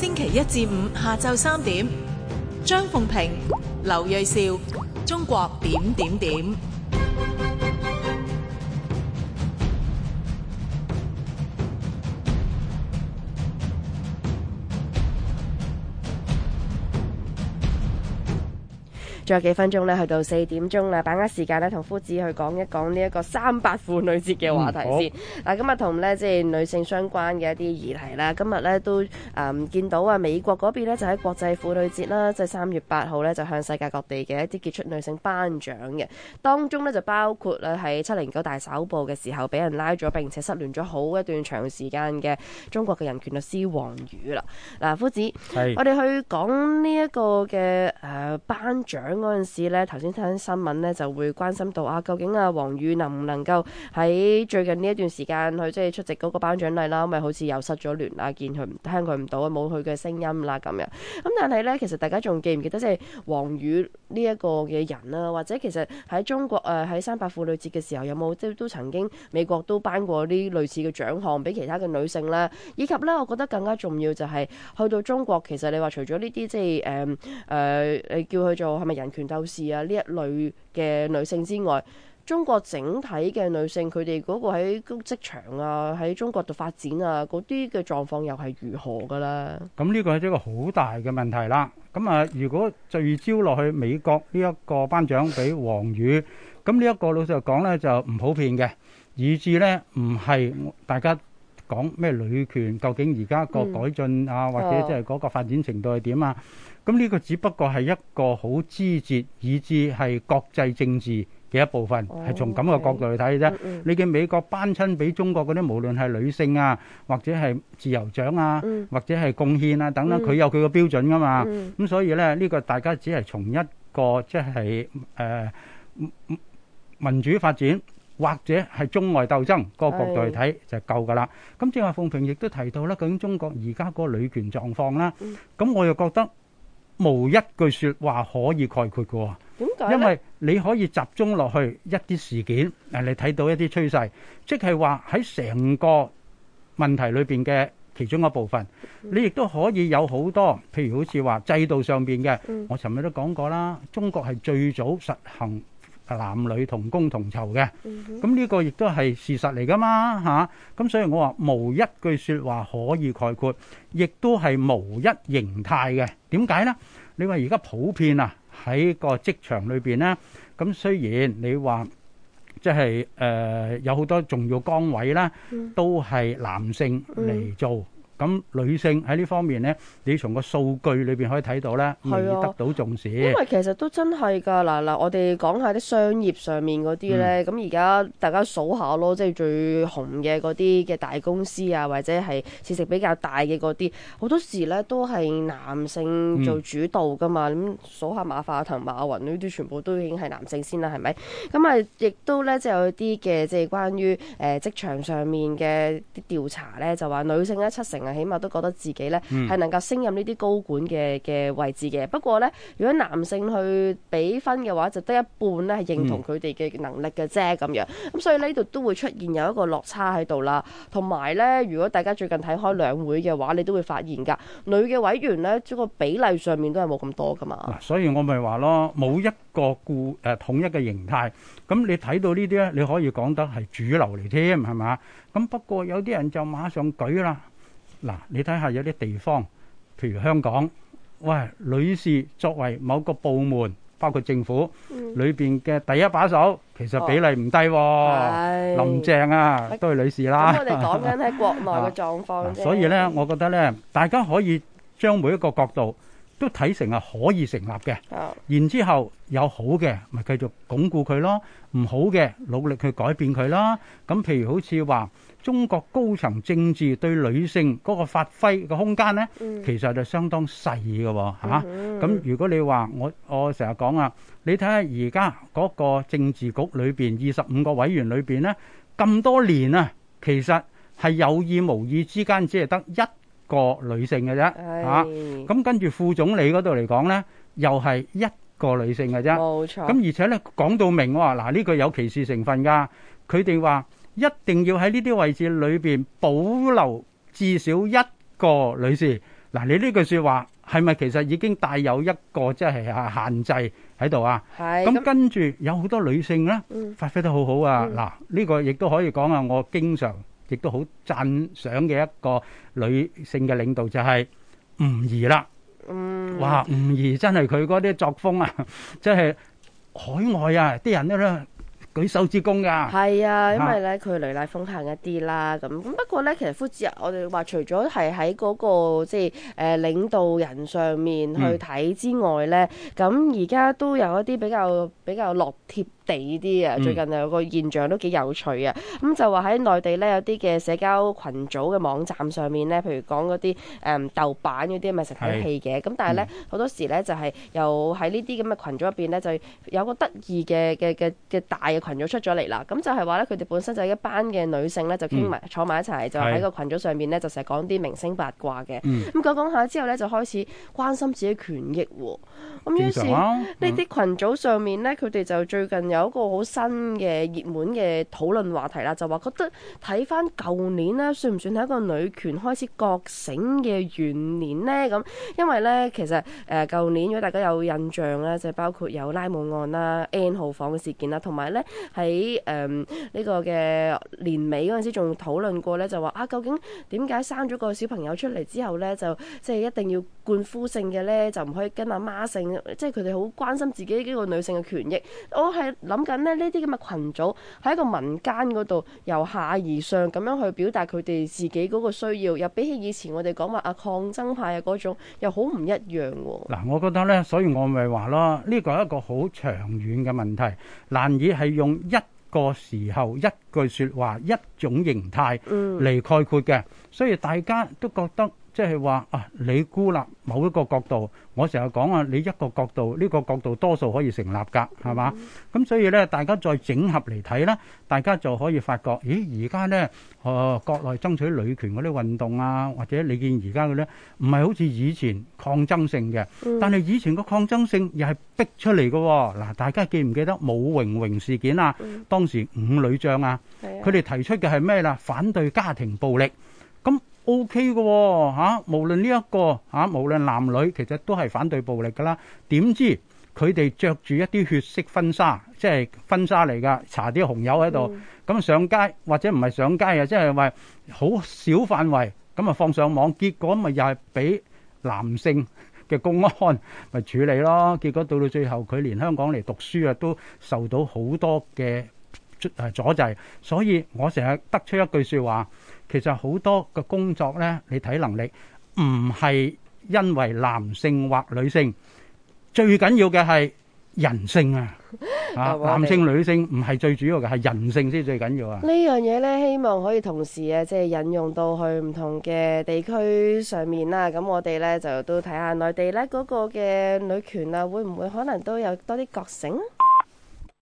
星期一至五下晝三點，張鳳平、劉瑞兆，中國點點點。仲有幾分鐘咧，去到四點鐘啦，把握時間咧，同夫子去講一講呢一個三八婦女節嘅話題先。嗱、嗯哦啊，今日同咧即係女性相關嘅一啲議題啦。今日咧都誒、嗯、見到啊，美國嗰邊咧就喺國際婦女節啦，即係三月八號咧，就向世界各地嘅一啲傑出女性頒獎嘅。當中咧就包括咧喺七零九大搜捕嘅時候，俾人拉咗並且失聯咗好一段長時間嘅中國嘅人權律師王宇啦。嗱、啊，夫子，是我哋去講呢一個嘅誒頒獎。呃嗰陣時咧，頭先睇新聞咧，就會關心到啊，究竟啊，王宇能唔能夠喺最近呢一段時間去即係出席嗰個頒獎禮啦？咪好似又失咗聯啦，見佢唔聽佢唔到啊，冇佢嘅聲音啦咁樣。咁、嗯、但係咧，其實大家仲記唔記得即係王宇呢一個嘅人啊，或者其實喺中國誒喺三八婦女節嘅時候，有冇即都曾經美國都頒過啲類似嘅獎項俾其他嘅女性啦？以及咧，我覺得更加重要就係、是、去到中國，其實你話除咗呢啲即係誒誒，你叫佢做係咪人？權鬥士啊！呢一類嘅女性之外，中國整體嘅女性，佢哋嗰個喺工職場啊，喺中國度發展啊，嗰啲嘅狀況又係如何噶啦？咁呢個係一個好大嘅問題啦。咁啊，如果聚焦落去美國呢一個頒獎俾王宇，咁呢一個老實講咧就唔普遍嘅，以至咧唔係大家講咩女權究竟而家個改進啊，或者即係嗰個發展程度係點啊？咁呢個只不過係一個好枝節，以至係國際政治嘅一部分，係從咁嘅角度去睇嘅啫。你見美國頒親俾中國嗰啲，無論係女性啊，或者係自由獎啊，或者係貢獻啊等等，佢有佢個標準噶嘛。咁所以咧，呢個大家只係從一個即係誒民主發展，或者係中外鬥爭個角度去睇就夠噶啦。咁正話鳳平亦都提到咧，究竟中國而家個女權狀況啦。咁我又覺得。冇一句説話可以概括嘅喎，點解？因為你可以集中落去一啲事件，誒，你睇到一啲趨勢，即係話喺成個問題裏邊嘅其中一部分，你亦都可以有好多，譬如好似話制度上邊嘅，我尋日都講過啦，中國係最早實行。男女同工同酬嘅，咁呢個亦都係事實嚟㗎嘛嚇，咁、啊、所以我話無一句説話可以概括，亦都係無一形態嘅。點解呢？你話而家普遍啊喺個職場裏邊呢，咁雖然你話即係誒有好多重要崗位咧，都係男性嚟做。咁女性喺呢方面呢，你從個數據裏邊可以睇到咧，未得到重視、啊，因為其實都真係噶。嗱嗱，我哋講下啲商業上面嗰啲咧，咁而家大家數下咯，即係最紅嘅嗰啲嘅大公司啊，或者係市值比較大嘅嗰啲，好多時咧都係男性做主導噶嘛。咁、嗯、數下馬化騰、馬雲呢啲全部都已經係男性先啦，係咪？咁、嗯、啊，亦都咧即係有啲嘅即係關於誒、呃、職場上面嘅啲調查咧，就話女性咧七成。起碼都覺得自己呢係能夠升任呢啲高管嘅嘅位置嘅。不過呢，如果男性去比分嘅話，就得一半呢係認同佢哋嘅能力嘅啫。咁樣咁，所以呢度都會出現有一個落差喺度啦。同埋呢，如果大家最近睇開兩會嘅話，你都會發現㗎女嘅委員呢，呢個比例上面都係冇咁多㗎嘛。嗱，所以我咪話咯，冇一個固誒統一嘅形態。咁你睇到呢啲呢，你可以講得係主流嚟添係咪啊？咁不過有啲人就馬上舉啦。嗱、啊，你睇下有啲地方，譬如香港，喂，女士作為某個部門，包括政府裏邊嘅第一把手，其實比例唔低喎，哦哎、林鄭啊，都係女士啦。咁我哋講緊喺國內嘅狀況、 啊啊。所以呢，我覺得呢，大家可以將每一個角度。都睇成係可以成立嘅，然之後有好嘅咪繼續鞏固佢咯，唔好嘅努力去改變佢啦。咁譬如好似話中國高層政治對女性嗰個發揮嘅空間呢，其實就相當細嘅吓。咁如果你話我我成日講啊，你睇下而家嗰個政治局裏邊二十五個委員裏邊呢，咁多年啊，其實係有意無意之間只係得一個女性嘅啫，嚇咁、哎啊、跟住副總理嗰度嚟講呢，又係一個女性嘅啫。咁冇錯、啊、而且呢，講到明我話嗱，呢、啊這個有歧視成分㗎。佢哋話一定要喺呢啲位置裏邊保留至少一個女士。嗱、啊，你呢句説話係咪其實已經帶有一個即係、即係啊、限制喺度啊？咁、哎啊、跟住有好多女性呢、嗯、發揮得好好啊！嗱、嗯，呢、啊這個亦都可以講啊，我經常。亦都好讚賞嘅一個女性嘅領導就係吳儀啦。嗯。哇，吳儀真係佢嗰啲作風啊，即係海外啊啲人都舉手之功㗎。係啊，因為咧佢雷厲風行一啲啦。咁不過咧，其實夫子，我哋話除咗係喺嗰個即係誒領導人上面去睇之外咧，咁而家都有一啲比較比較落貼地啲啊，最近有個現象都幾有趣啊，咁、嗯嗯嗯、就話喺內地咧有啲嘅社交群組嘅網站上面咧，譬如講嗰啲誒豆瓣嗰啲咪食睇戲嘅，咁是但係咧好多時咧就係、是、又喺呢啲咁嘅群組入邊咧，就有個得意嘅嘅嘅嘅大嘅群組出咗嚟啦，咁、嗯、就係話咧佢哋本身就係一班嘅女性咧就傾埋、嗯、坐埋一齊就喺個群組上面咧就成日講啲明星八卦嘅，咁講講下之後咧就開始關心自己權益咁、喔、於、嗯嗯、是呢啲群組上面咧佢哋就最近有。有一個好新嘅熱門嘅討論話題啦，就話覺得睇翻舊年咧，算唔算係一個女權開始覺醒嘅元年呢？咁因為咧，其實誒，舊、呃、年如果大家有印象咧，就包括有拉姆案啦、N 號房嘅事件啦，同埋咧喺誒呢、呃這個嘅年尾嗰陣時仲討論過咧，就話啊，究竟點解生咗個小朋友出嚟之後咧，就即係、就是、一定要冠夫性冠夫姓嘅咧，就唔可以跟阿媽姓？即係佢哋好關心自己呢個女性嘅權益。我喺諗緊呢，呢啲咁嘅群組喺一個民間嗰度，由下而上咁樣去表達佢哋自己嗰個需要，又比起以前我哋講話阿抗爭派嘅嗰種，又好唔一樣喎、哦。嗱，我覺得呢，所以我咪話咯，呢、這個係一個好長遠嘅問題，難以係用一個時候一句説話一種形態嚟概括嘅，嗯、所以大家都覺得。即係話啊，你孤立某一個角度，我成日講啊，你一個角度呢、這個角度多數可以成立噶，係嘛？咁、mm hmm. 所以呢，大家再整合嚟睇啦，大家就可以發覺，咦，而家呢，誒、呃，國內爭取女權嗰啲運動啊，或者你見而家嘅呢，唔係好似以前抗爭性嘅，mm hmm. 但係以前個抗爭性又係逼出嚟噶。嗱，大家記唔記得武榮榮事件啊？Mm hmm. 當時五女將啊，佢哋、mm hmm. 提出嘅係咩啦？反對家庭暴力。O.K. 嘅嚇，無論呢一個嚇，無論男女，其實都係反對暴力噶啦。點知佢哋著住一啲血色婚紗，即係婚紗嚟噶，搽啲紅油喺度，咁上街或者唔係上街啊，即係話好小範圍，咁啊放上網，結果咪又係俾男性嘅公安咪處理咯。結果到到最後，佢連香港嚟讀書啊，都受到好多嘅阻阻滯。所以我成日得出一句説話。其實好多個工作呢，你睇能力唔係因為男性或女性，最緊要嘅係人性啊！嚇，男性女性唔係最主要嘅，係人性先最緊要啊。呢樣嘢呢，希望可以同時啊，即係引用到去唔同嘅地區上面啦。咁我哋呢就都睇下內地呢嗰個嘅女權啊，會唔會可能都有多啲覺醒啊？